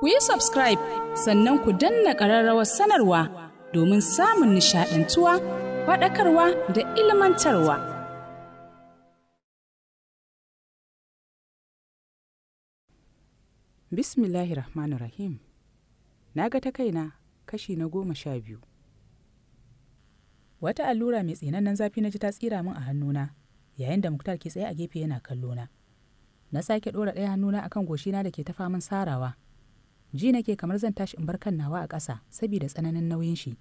ku yi subscribe sannan ku danna ƙararrawar sanarwa domin samun nishaɗantuwa faɗakarwa da ilmantarwa. Bismillahir Rahmanir Rahim Na ga ta kaina kashi na goma sha biyu. Wata allura mai tsinannen zafi na ji ta tsira min a hannuna yayin da Muktar ke tsaye a gefe yana kallona. Na sake ɗora ɗaya hannuna akan goshina da ke ta faman sarawa. ji nake kamar zan tashi in bar kan nawa a ƙasa saboda tsananin nauyin shi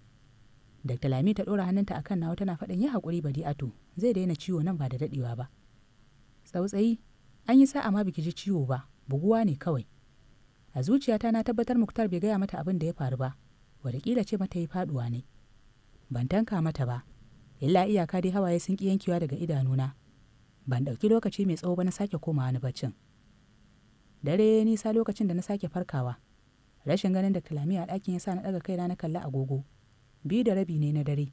dr lami ta ɗora hannunta a kan nawa tana faɗin yi haƙuri ato zai daina ciwo nan ba da daɗewa ba tsautsayi an yi sa'a ma biki ji ciwo ba buguwa ne kawai a zuciyata na tabbatar muktar bai gaya mata abin da ya faru ba wataƙila ce mata yi faɗuwa ne ban tanka mata ba illa iyaka dai hawaye sun ƙi yankewa daga idanuna ban ɗauki lokaci mai tsawo ba na sake komawa ni baccin dare nisa lokacin da na sake farkawa rashin ganin da kalami a ɗakin ya sa na ɗaga kaina na kalla agogo biyu da rabi ne na dare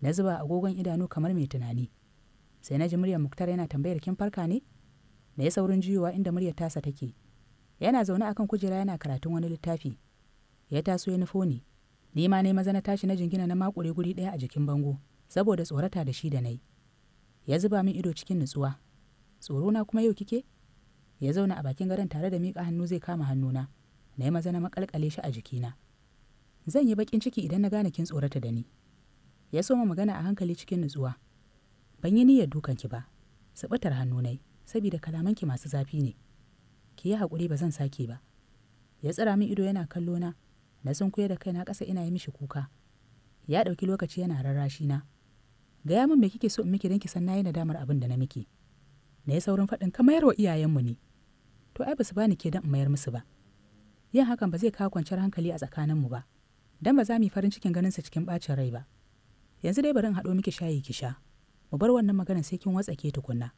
na zuba agogon idanu kamar mai tunani sai na ji muryar muktar yana tambayar kin farka ne na yi saurin juyowa inda muryar tasa take yana zaune a kan kujera yana karatun wani littafi ya taso ya nufo ni ni ma ne maza na tashi na jingina na makure guri ɗaya a jikin bango saboda tsorata da shi da nai ya zuba min ido cikin nutsuwa tsoro na kuma yau kike ya zauna a bakin gadon tare da miƙa hannu zai kama hannuna na yi maza na makalkale shi a jikina zan yi bakin ciki idan na gane kin tsorata da ni ya soma magana a hankali cikin nutsuwa ban yi niyyar dukan ki ba sabatar hannu nai saboda kalamanki masu zafi ne ki yi hakuri ba zan sake ba ya tsira min ido yana kallo na na kuya da kaina kasa ina yi mishi kuka ya ɗauki lokaci yana rarrashi na gaya min me kike so in miki don ki san nayi nadamar abin da na miki na yi saurin faɗin ka mayar wa iyayenmu ne to ai ba su bani ke don in mayar musu ba yin hakan ba zai kawo kwanciyar hankali a tsakanin mu ba dan ba za mu yi farin cikin ganinsa cikin bacin rai ba yanzu dai bari in haɗo miki shayi ki sha mu bar wannan maganar sai kin watsake tukunna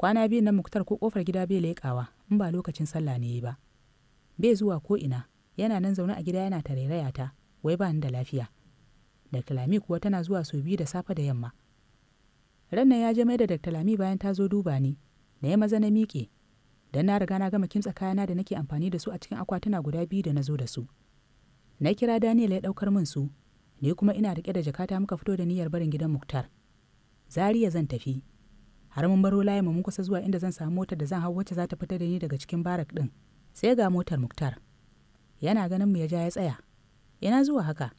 kwana biyu nan muktar ko kofar gida bai laikawa, in ba lokacin sallah ne ba bai zuwa ko ina yana nan zaune a gida yana tarairaya ta wai ba ni da lafiya Dr. Lami kuwa tana zuwa sau biyu da safe da yamma. Rannan ya je mai da Dr. Lami bayan ta zo duba ni, na yi maza na miƙe, don na riga na gama kimtsa kayana da nake amfani da su a cikin akwatuna guda biyu da na zo da su na kira daniel ya ɗaukar min su ni kuma ina riƙe da jakata muka fito da niyyar barin gidan muktar zariya zan tafi har mun baro layin mun kusa zuwa inda zan samu motar da zan hau wacce za ta fita da ni daga cikin barak ɗin sai ga motar muktar yana ganin mu ya ja ya tsaya ina zuwa haka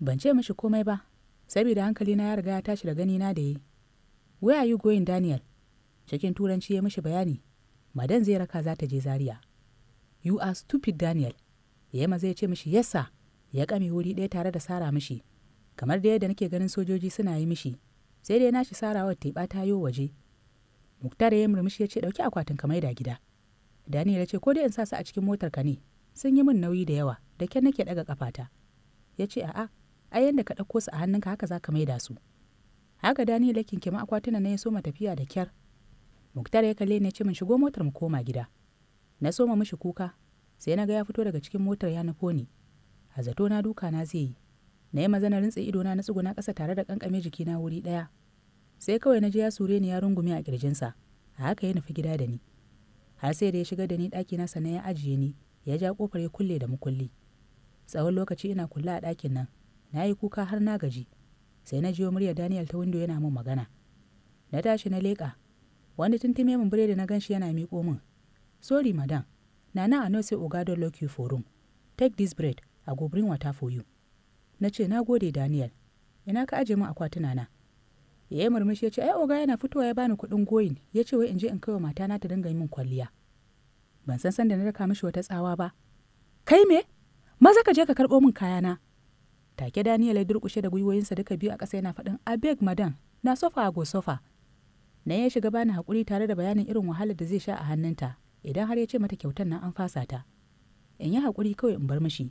ban ce mishi komai ba saboda hankali na ya riga ya tashi da gani na da yi where are you going daniel cikin turanci ya mishi bayani madan zai raka za ta je Zariya. you are stupid daniel yema zai ce mishi yasa ya kame wuri ɗaya tare da sara mishi kamar da yadda nake ganin sojoji suna yi mishi sai dai nashi wa teɓa ta yo waje muktar ya murmushi ya ce ɗauki akwatin kamar da gida daniel ya ce ko dai in sa su a cikin motar ka ne sun yi min nauyi da yawa da kyan nake ɗaga kafata ya ce a'a ai yanda ka ɗauko su a hannunka haka za ka maida su haka daniel ya kinkima akwatunan na ya soma tafiya da kyar muktar ya kalle ne ce min shigo motar mu koma gida na soma mishi kuka sai na ga ya fito daga cikin motar ya nufo ni a zato na duka na zai yi na yi maza na rintse ido na tsuguna ƙasa tare da ƙanƙame na wuri ɗaya sai kawai na je ya sure ni ya rungume a ƙirjinsa a haka ya nufi gida da ni har sai da ya shiga da ni ɗakina sannan ya ajiye ni ya ja ƙofar ya kulle da mukulli tsawon lokaci ina kulla a ɗakin nan na yi kuka har na gaji sai na jiyo murya daniel ta windo yana min magana na tashi na leƙa wani tuntume min biredi na ganshi yana miƙo min sorry madam na nana a nose ogado lock you for room take this bread i go bring water for you na ce na gode daniel ina ka aje min akwatuna na ya yi murmushi ya ce ai oga yana fitowa ya bani kuɗin goyin ya ce wai in je in kai wa matana ta dinga yi min kwalliya ban san san da na raka mishi wata tsawa ba kai me maza ka je ka karɓo min kayana take daniel ya durƙushe da gwiwoyinsa duka biyu a ƙasa yana faɗin abeg madam na sofa a go sofa na ya shiga bani hakuri tare da bayanin irin wahalar da zai sha a hannunta idan har ya ce mata kyautar na an fasa ta in yi hakuri kawai in bar mishi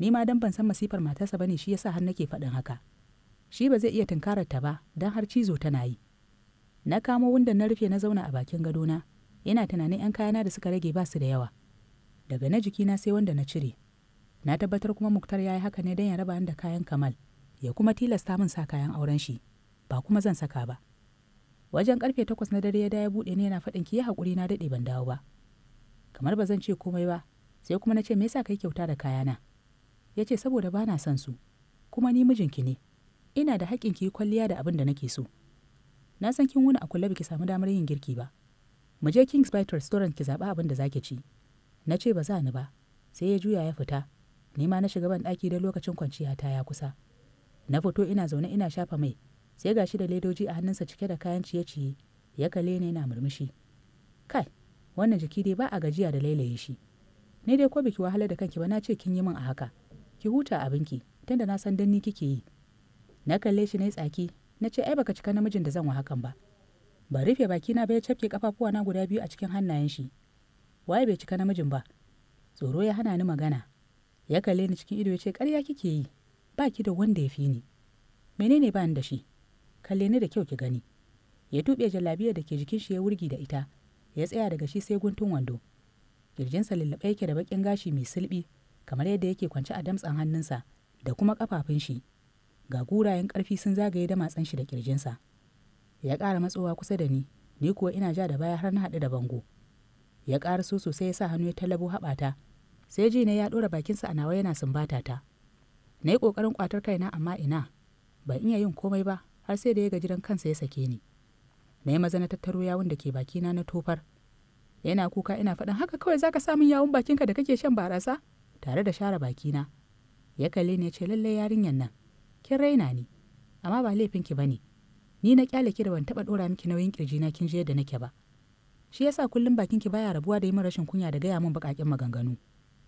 ni ma dan ban san masifar matarsa bane shi yasa har nake faɗin haka shi ba zai iya tunkarar ta ba dan har cizo tana yi na kamo wundan na rufe na zauna a bakin gadona yana tunanin yan kayana da suka rage ba su da yawa daga na jiki na sai wanda na cire na tabbatar kuma muktar ya yi haka ne don ya raba da kayan kamal ya kuma tilasta min sa kayan auren shi ba kuma zan saka ba wajen karfe takwas na dare ya da ya buɗe ne yana faɗin ki yi haƙuri na daɗe ban dawo ba kamar ba zan ce komai ba sai kuma na ce me yasa kai kyauta da kayana ya ce saboda ba na son su kuma ni mijinki ne ina da haƙƙin ki yi kwalliya da abin da nake so na san kin wuni a kulle biki samu damar yin girki ba mu je Kings Bite Restaurant ki zaɓa abin da zaki ci na ce ba za ni ba sai ya juya ya fita ni na shiga ban ɗaki da lokacin kwanciya ta ya kusa na fito ina zaune ina shafa mai sai ga shi da ledoji a hannunsa cike da kayan ciye-ciye ya kale ne yana murmushi kai wannan jiki dai ba a gajiya da lailaye shi ni dai ko biki wahalar da kanki ba na ce kin yi min a haka ki huta abinki tunda na san danni kike yi na kalle shi na yi tsaki na ce ai baka cika namijin da zan wa hakan ba ba rufe baki na bai cafke kafafuwa na guda biyu a cikin hannayen shi waye bai cika namijin ba tsoro ya hana ni magana ya kalle ni cikin ido ya ce ƙarya kike yi ba ki da wanda ya fi ni menene ba ni da shi kalle ni da kyau ki gani ya tuɓe jalabiya da ke jikin shi ya wurgi da ita ya tsaya daga shi sai guntun wando kirjinsa lullaɓe yake da baƙin gashi mai sulbi kamar yadda yake kwance a damtsan hannunsa da kuma ƙafafun shi ga gurayen ƙarfi sun zagaye da matsan shi da kirjinsa ya ƙara matsowa kusa da ni ni kuwa ina ja da baya har na haɗu da bango ya ƙara so sosai ya sa hannu ya talabo haɓata sai ji na ya ɗora bakinsa a nawa yana sumbata ta na yi ƙoƙarin ƙwatar kaina amma ina ban iya yin komai ba har sai da ya gajiran kansa ya sake ni na yi maza na tattaro yawun da ke bakina na tofar yana kuka ina faɗin haka kawai zaka samun yawun bakinka da kake shan barasa tare da share bakina ya kalle ni ya ce lallai yarinyar nan kin raina ni amma ba laifinki bane ni na kyale ki da ban taɓa ɗora miki nauyin kirji na kin je da nake ba shi yasa kullum bakin ki baya rabuwa da yi rashin kunya da gaya min bukakin maganganu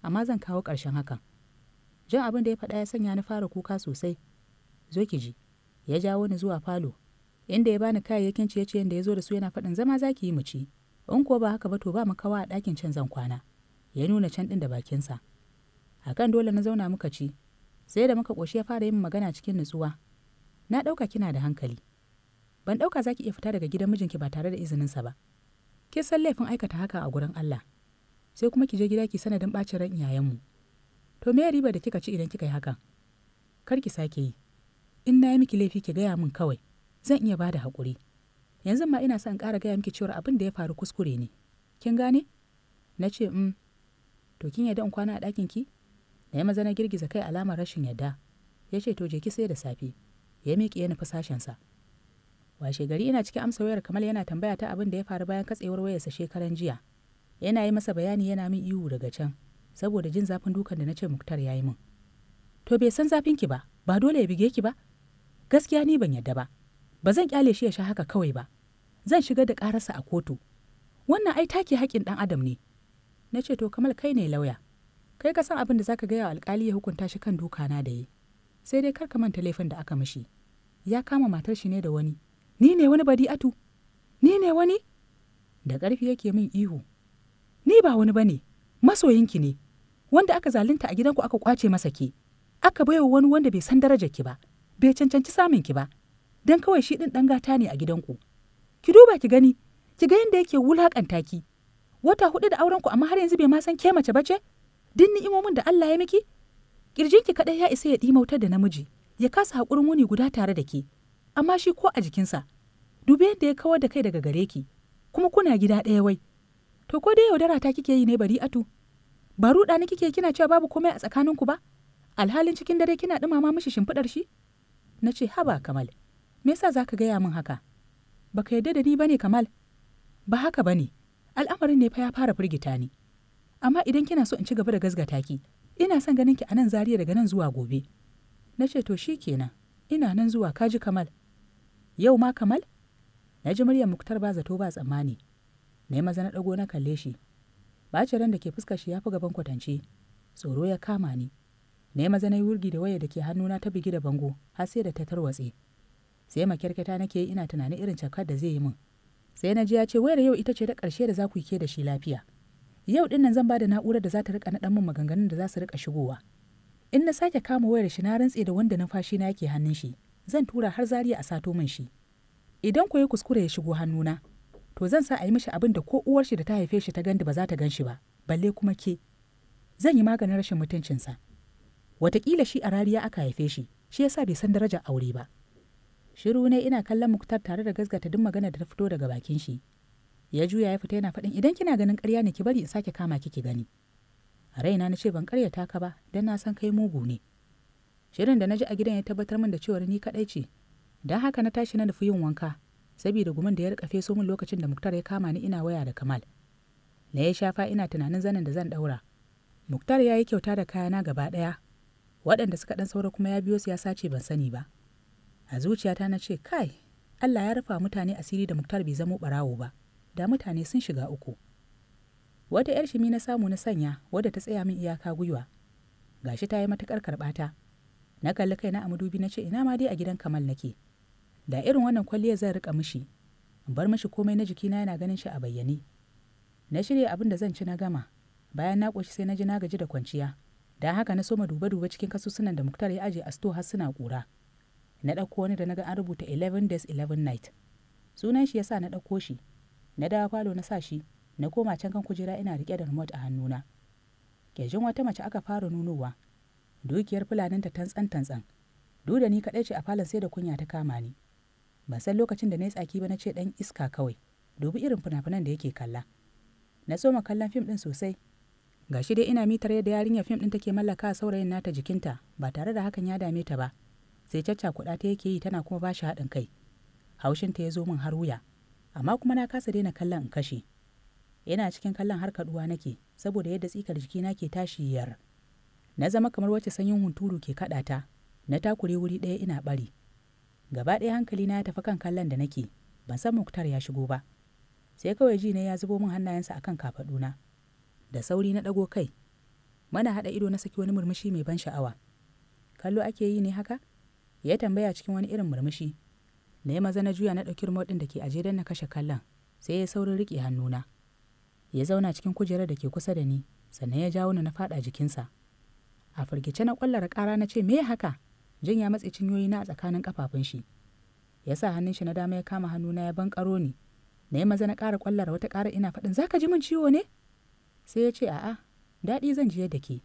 amma zan kawo ƙarshen hakan jan abin da ya faɗa ya sanya ni fara kuka sosai zo ki ji ya jawo ni zuwa falo inda ya bani kayayyakin ciye-ciyen da ya zo da su yana faɗin zama za ki yi mu ci in kuwa ba haka ba to ba mu kawa a ɗakin can zan kwana ya nuna can ɗin da bakinsa kan dole na zauna muka ci sai da muka ƙoshi ya fara yin magana cikin nutsuwa na ɗauka kina da hankali ban ɗauka za ki iya fita daga gidan mijinki ba tare da izininsa ba ki san laifin aikata haka a gurin Allah sai kuma ki je gida ki sanadin ɓacin ran iyayenmu to me riba da kika ci idan kika yi hakan kar ki sake yi in na yi miki laifi ki gaya min kawai zan iya bada haƙuri yanzu ma ina son ƙara gaya miki cewar abin da ya faru kuskure ne kin gane na ce mm to kin yarda in kwana a ɗakin ki na yi maza na girgiza kai alamar rashin yarda ya ce to je ki sai da safe ya miƙe ya nufi sashensa washe gari ina cikin amsa wayar kamal yana tambaya ta abin da ya faru bayan katsewar wayarsa shekaran jiya yana yi masa bayani yana min ihu daga can saboda jin zafin dukan da na ce muktar ya yi min to bai san zafin ki ba ba dole ya bige ki ba gaskiya ni ban yadda ba ba zan kyale shi ya sha haka kawai ba zan shiga da ƙararsa a kotu wannan ai take haƙƙin ɗan adam ne na ce to kamal kai ne lauya kai ka san abin da zaka gaya wa alƙali ya hukunta shi kan duka na da yi sai dai kar ka manta laifin da aka mishi ya kama matar shi ne da wani ni ne wani badi'atu ni ne wani da ƙarfi yake min ihu ni ba wani bane masoyinki ne wanda aka zalunta a gidanku aka kwace masa ke aka baiwa wani wanda bai san darajar ki ba bai cancanci samun ki ba don kawai shi ɗin ɗan gata ne a gidanku ki duba ki gani ki ga yadda yake wulaƙanta ki wata hudu da aurenku amma har yanzu bai ma san ke mace ba bace din ni'imomin da Allah ya miki ki kaɗai ya isa ya dimautar da namiji ya kasa haƙurin wuni guda tare da ke amma shi ko a jikinsa dubi yadda ya kawar da kai daga gare ki kuma kuna gida ɗaya wai to ko dai yaudara ta kike yi ne bari atu ba ruɗa ni kike kina cewa babu komai a tsakaninku ba alhalin cikin dare kina ɗumama mishi shimfiɗar shi na ce haba kamal me yasa za ka gaya min haka ba ka yarda da ni ba ne kamal ba haka ba ne al'amarin ne fa ya fara firgita ni amma idan kina so in ci gaba da gazgata ki ina son ganin ki a nan zariya daga nan zuwa gobe na ce to shi kenan ina nan zuwa kaji kamal yau ma kamal na ji muryar muktar ba zato ba tsammani na yi maza na ɗago na kalle shi bacin ran da ke fuskar shi ya fi gaban kwatance tsoro ya kama ni na yi maza na yi wurgi da waya da ke hannuna ta bigi da bango har sai da ta tarwatse sai makyarkata nake ina tunanin irin cakar da zai yi min sai na ji ya ce wayar yau ita ce ta ƙarshe da za ku yi ke da shi lafiya yau ɗin nan zan ba da na'urar da za ta riƙa naɗan min maganganun da za su riƙa shigowa in na sake kama wayar shi na rantse da wanda numfashi na yake hannun shi zan tura har zariya a sato min shi idan ku yi kuskure ya shigo hannuna to zan sa a yi mishi abin da ko uwar shi da ta haife shi ta gandi ba za ta gan shi ba balle kuma ke zan yi maganin rashin mutuncinsa Wataƙila shi a rariya aka haife shi, shi yasa bai san darajar aure ba. Shiru ne ina kallon Muktar tare da gasgata duk magana da ta fito daga bakin shi. Ya juya ya fita yana faɗin idan kina ganin ƙarya ne ki bari in sake kama kiki gani. raina na ce ban ƙaryata ka ba don na san kai mugu ne. Shirin da na ji a gidan ya tabbatar min da cewar ni kaɗai ce. Don haka na tashi na nufi yin wanka saboda gumin da ya rika feso min lokacin da Muktar ya kama ni ina waya da Kamal. Na ya shafa ina tunanin zanin da zan ɗaura. Muktar ya yi kyauta da kayana gaba ɗaya waɗanda suka ɗan saura kuma ya biyo su ya sace ban sani ba a zuciyata na ce kai allah ya rufa mutane asiri da muktar bai zamo ɓarawo ba da mutane sun shiga uku wata yar shimi na samu na sanya wadda ta tsaya min iyaka gwiwa gashi ta yi matuƙar karɓata na kalli na a madubi na ce ina ma dai a gidan kamal nake da irin wannan kwalliya zan riƙa mishi bar mishi komai na jikina yana ganin shi a bayyane na shirya abin da zan ci na gama bayan na ƙoshi sai na ji na gaji da kwanciya da haka na soma duba-duba cikin kasusunan da muktar ya aje a sto har suna ƙura na ɗauko wani da na ga an rubuta 11 days 11 night sunan shi yasa na ɗauko shi na dawo falo na sa shi na koma can kan kujera ina riƙe da remote a hannuna ƙirjin wata mace aka fara nunowa dukiyar fulanin ta tantsan tantsan duk da ni kaɗai ce a falon sai da kunya ta kama ni ban san lokacin da na yi tsaki ba na ce ɗan iska kawai dubi irin fina-finan da yake kalla na soma kallon fim ɗin sosai ga shi dai ina mitar yadda yarinyar fim ɗin take mallaka saurayin nata jikinta ba tare da hakan ya dame ta ba sai cacca kuɗa ta yake yi tana kuma ba shi haɗin kai haushin ta ya zo min har wuya amma kuma na kasa daina kallon in kashe yana cikin kallon har kaɗuwa nake saboda yadda tsikar jikina ke tashi yar na zama kamar wacce sanyin hunturu ke kaɗa ta na takure wuri ɗaya ina ɓari gaba ɗaya hankali na ya tafi kan kallon da nake ban san muktar ya shigo ba sai kawai ji ne ya zubo min hannayensa akan kafaɗuna da sauri na ɗago kai mana haɗa ido na saki wani murmushi mai ban sha'awa kallo ake yi ne haka ya tambaya cikin wani irin murmushi na yi maza na juya na ɗauki remote ɗin da ke aje don na kashe kallon sai ya saurin riƙe hannuna ya zauna cikin kujerar da ke kusa da ni sannan ya jawo ni na faɗa jikinsa a firgice na ƙwallara ƙara na ce me haka jin ya matse cinyoyi na a tsakanin kafafun shi ya sa hannun shi na dama ya kama hannuna ya ban ƙaro ni na yi maza na ƙara ƙwallara wata ƙara ina faɗin zaka ji min ciwo ne sai ya ce a'a daɗi zan je da ke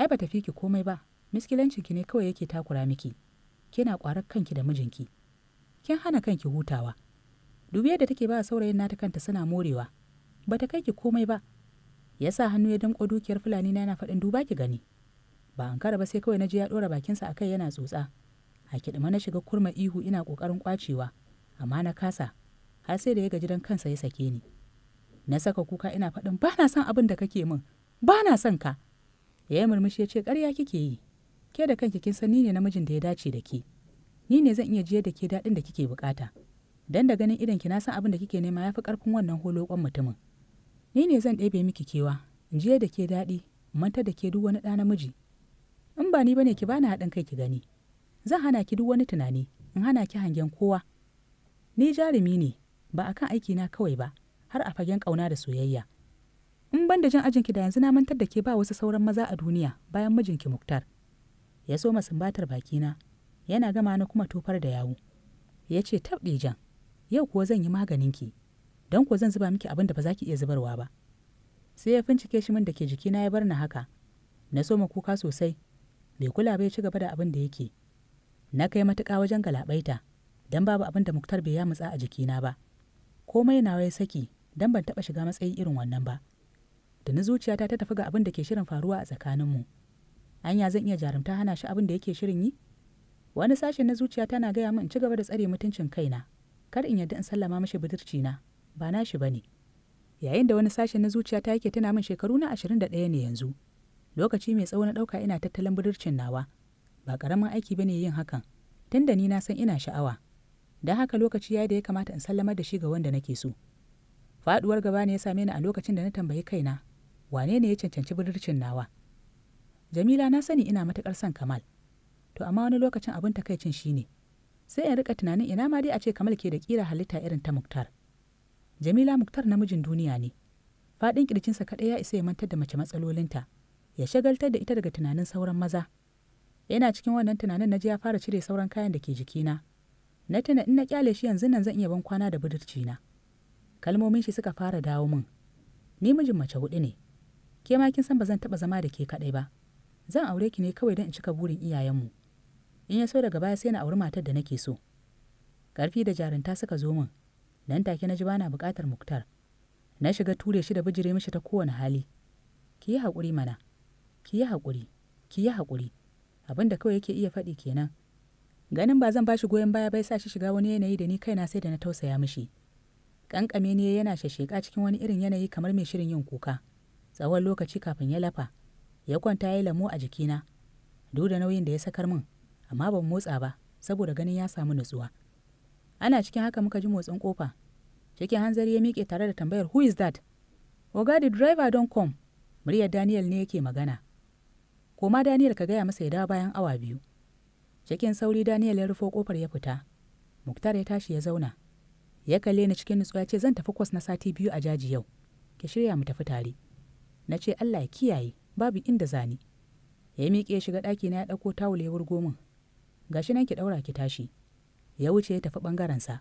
ai ba tafi ki komai ba miskilancinki ne kawai yake takura miki kina ƙwarar kanki da mijinki kin hana kanki hutawa dubi yadda take ba saurayin nata kanta suna morewa ba ta kai ki komai ba ya sa hannu ya damƙo dukiyar fulani na yana faɗin duba ki gani ba an kara ba sai kawai na ji ya ɗora bakinsa a kai yana tsotsa a kiɗima na shiga kurma ihu ina ƙoƙarin ƙwacewa amma na kasa har sai da ya gaji don kansa ya sake ni na saka kuka ina faɗin ba na son abin da kake min ba na son ka ya yi murmushi ya ce ƙarya kike yi ke da kanki kin san ni ne namijin da ya dace da ke ni ne zan iya jiyar da ke daɗin da kike buƙata dan da ganin idan ki na san abin da kike nema yafi ƙarfin wannan holokon mutumin ni ne zan ɗebe miki kewa jiya da ke daɗi manta da ke duk wani ɗa namiji in ba ni bane ki bani haɗin kai ki gani zan hana ki duk wani tunani in hana ki hangen kowa ni jarumi ne ba akan aiki na kawai ba har a fagen ƙauna da soyayya in ban da jin ajinki da yanzu na mantar da ke ba wasu sauran maza a duniya bayan mijinki muktar ya so masumbatar bakina yana gama na kuma tofar da yawu ya ce tabɗe jan yau kuwa zan yi maganinki don ko zan zuba miki abin da ba za ki iya zubarwa ba sai ya fincike shi min da ke jikina ya bar na haka na so kuka sosai bai kula bai ci gaba da abin da yake na kai matuƙa wajen galabaita don babu abin da muktar bai ya mutsa a jikina ba komai nawa ya saki don ban taɓa shiga matsayi irin wannan ba da na zuciyata ta tafi ga abin da ke shirin faruwa a tsakaninmu anya zan iya jarumta hana shi abin da yake shirin yi wani sashen na zuciya tana gaya min in ci gaba da tsare mutuncin kaina kar in yarda in sallama mashi budurci na ba na shi ba ne. yayin da wani sashen na zuciya ta yake tana min shekaru na ashirin da ɗaya ne yanzu lokaci mai tsawo na ɗauka ina tattalin budurcin nawa ba ƙaramin aiki ba ne yin hakan Tun da ni na san ina sha'awa don haka lokaci ya da ya kamata in sallamar da shi ga wanda nake so faɗuwar gaba ne ya same ni a lokacin da na tambayi kaina wane ne ya cancanci budurcin nawa jamila na sani ina matuƙar son kamal to amma wani lokacin abin takaicin ne sai in rika tunanin ina ma dai a ce kamal ke da ƙira halitta irin ta muktar jamila muktar namijin duniya ne faɗin ƙirjinsa kaɗai ya isa ya mantar da mace matsalolinta ya shagaltar da ita daga tunanin sauran maza yana cikin wannan tunanin na ji ya fara cire sauran kayan da ke jikina na tuna in na kyale shi yanzu nan zan iya ban kwana da budurcina. na kalmomin shi suka fara dawo min ni mijin mace hudu ne ke ma kin san ba zan taba zama da ke kadai ba zan aure ki ne kawai don in cika burin iyayenmu in ya so daga baya sai na auri matar da nake so karfi da jarinta suka zo min nan take na ji bana bukatar muktar na shiga ture shi da bijire mishi ta kowane hali ki yi haƙuri mana ki yi haƙuri ki yi haƙuri abin da kawai yake iya faɗi kenan ganin ba zan ba shi goyon baya bai sa shi shiga wani yanayi da ni kaina sai da na tausaya mishi Ƙanƙame ne yana shasheka cikin wani irin yanayi kamar mai shirin yin kuka. Tsawon lokaci kafin ya lafa, ya kwanta ya lamo a jikina. Duk da nauyin da ya sakar min, amma ban motsa ba, saboda ganin ya samu nutsuwa. Ana cikin haka muka ji motsin kofa. Cikin hanzari ya miƙe tare da tambayar who is that? Oga the driver don come. Muryar Daniel ne yake magana. Koma Daniel ka gaya masa ya dawo bayan awa biyu. Cikin sauri Daniel ya rufo kofar ya fita. Muktar ya tashi ya zauna. ya kalle ni cikin nutsuwa ya ce zan tafi kwas na sati biyu a jaji yau ki shirya mu tafi tare na ce allah ya kiyaye babu inda zani ya miƙe shiga ɗaki na ya ɗauko tawul ya wurgo min gashi nan ki ɗaura ki tashi ya wuce ya tafi ɓangarensa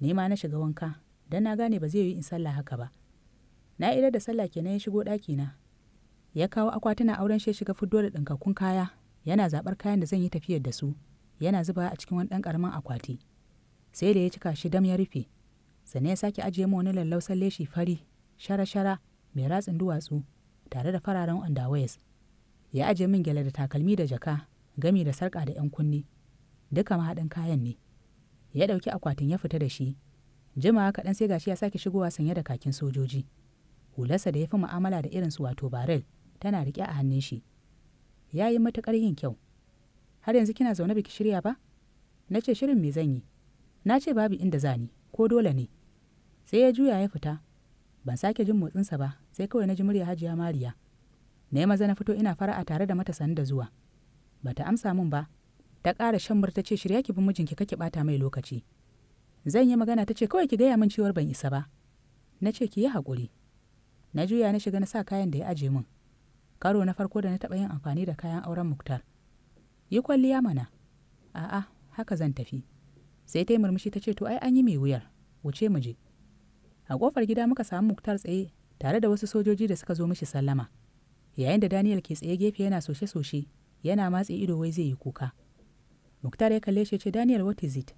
ni ma na shiga wanka dan na gane ba zai yi in sallah haka ba na idar da sallah kenan ya shigo ɗaki na ya kawo akwatuna auren shi shiga fuddo da ɗinkakkun kaya yana zaɓar kayan da zan yi tafiyar da su yana zuba a cikin wani ɗan ƙaramin akwati sai da ya cika shi dam ya rufe sannan ya sake ajiye mu wani lallausan leshi fari shara-shara mai ratsin duwatsu tare da fararen underwears ya ajiye min gyale da takalmi da jaka gami da sarƙa da 'yan kunni duka mahaɗin kayan ne ya ɗauki akwatin ya fita da shi jimawa kaɗan sai gashi ya sake shigowa sanye da kakin sojoji hularsa da ya fi mu'amala da irinsu wato barel tana riƙe a hannun shi ya yi matuƙar yin kyau har yanzu kina zaune biki shirya ba na ce shirin me zan yi na ce babu inda za ko dole ne sai ya juya ya fita ban sake jin motsinsa ba sai kawai na ji murya hajiya mariya na yi maza na fito ina fara'a tare da matasan da zuwa Ba ta amsa min ba ta ƙara shan murta ce shirya ki bin mijinki kake ɓata mai lokaci zan yi magana ta ce kawai ki gaya min cewar ban isa ba na ce ki yi haƙuri na juya na shiga na sa kayan da ya aje min karo na farko da na taɓa yin amfani da kayan auren muktar yi kwalliya mana a'a haka zan tafi sai ta yi murmushi ta ce to ai an yi mai wuyar wuce mu je a kofar gida muka samu muktar tsaye tare da wasu sojoji da suka zo mishi sallama yayin da daniel ke tsaye gefe yana soshe-soshe yana matsi ido wai zai yi kuka muktar ya kalle shi ce daniel what is it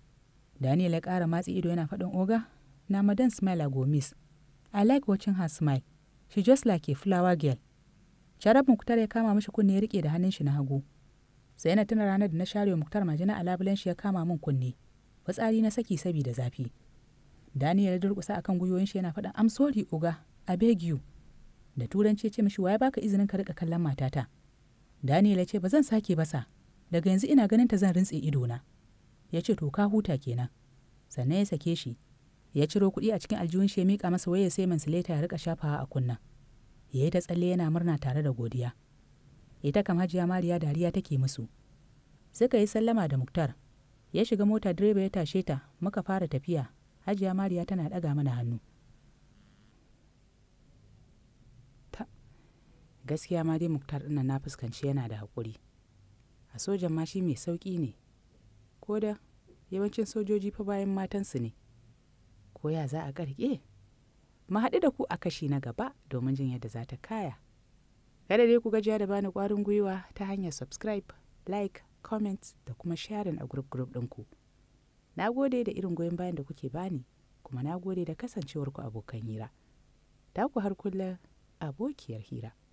daniel ya kara matse ido yana faɗin oga na madan smile a gomis i like watching her smile she just like a flower girl sharaf muktar ya kama mishi kunne ya riƙe da hannun shi na hagu sai na tuna ranar da na share muktar majina a labulen shi ya kama min kunne fitsari na saki sabida zafi daniel ya durƙusa akan gwiwoyin shi yana faɗin am sorry oga, i beg you da turanci ya ce mishi ya baka izinin ka rika kallon matata daniel ya ce ba zan sake sa. daga yanzu ina ganin ta zan rintse idona ya ce to ka huta kenan sannan ya sake shi ya ciro kuɗi a cikin aljihun shi ya miƙa masa wayar sai mansileta ya rika shafawa a kunna ya yi ta tsalle yana murna tare da godiya ita kam hajiya mariya dariya take musu suka yi sallama da muktar ya shiga mota direba ya tashe ta muka fara tafiya hajiya mariya tana daga mana hannu gaskiya ma dai muktar ɗin na fuskanci yana da haƙuri a sojan ma shi mai sauƙi ne ko da yawancin sojoji fa bayan matansu ne ko ya za a ƙarƙe mu haɗu da ku a kashi na gaba domin jin yadda za ta kaya kada dai ku gajiya da bani ƙwarin gwiwa ta hanyar subscribe like comment da kuma sharing a group group ɗinku. Na gode da irin goyon bayan da kuke bani, kuma na gode da kasancewarku abokan hira. Ta ku har kullum abokiyar hira.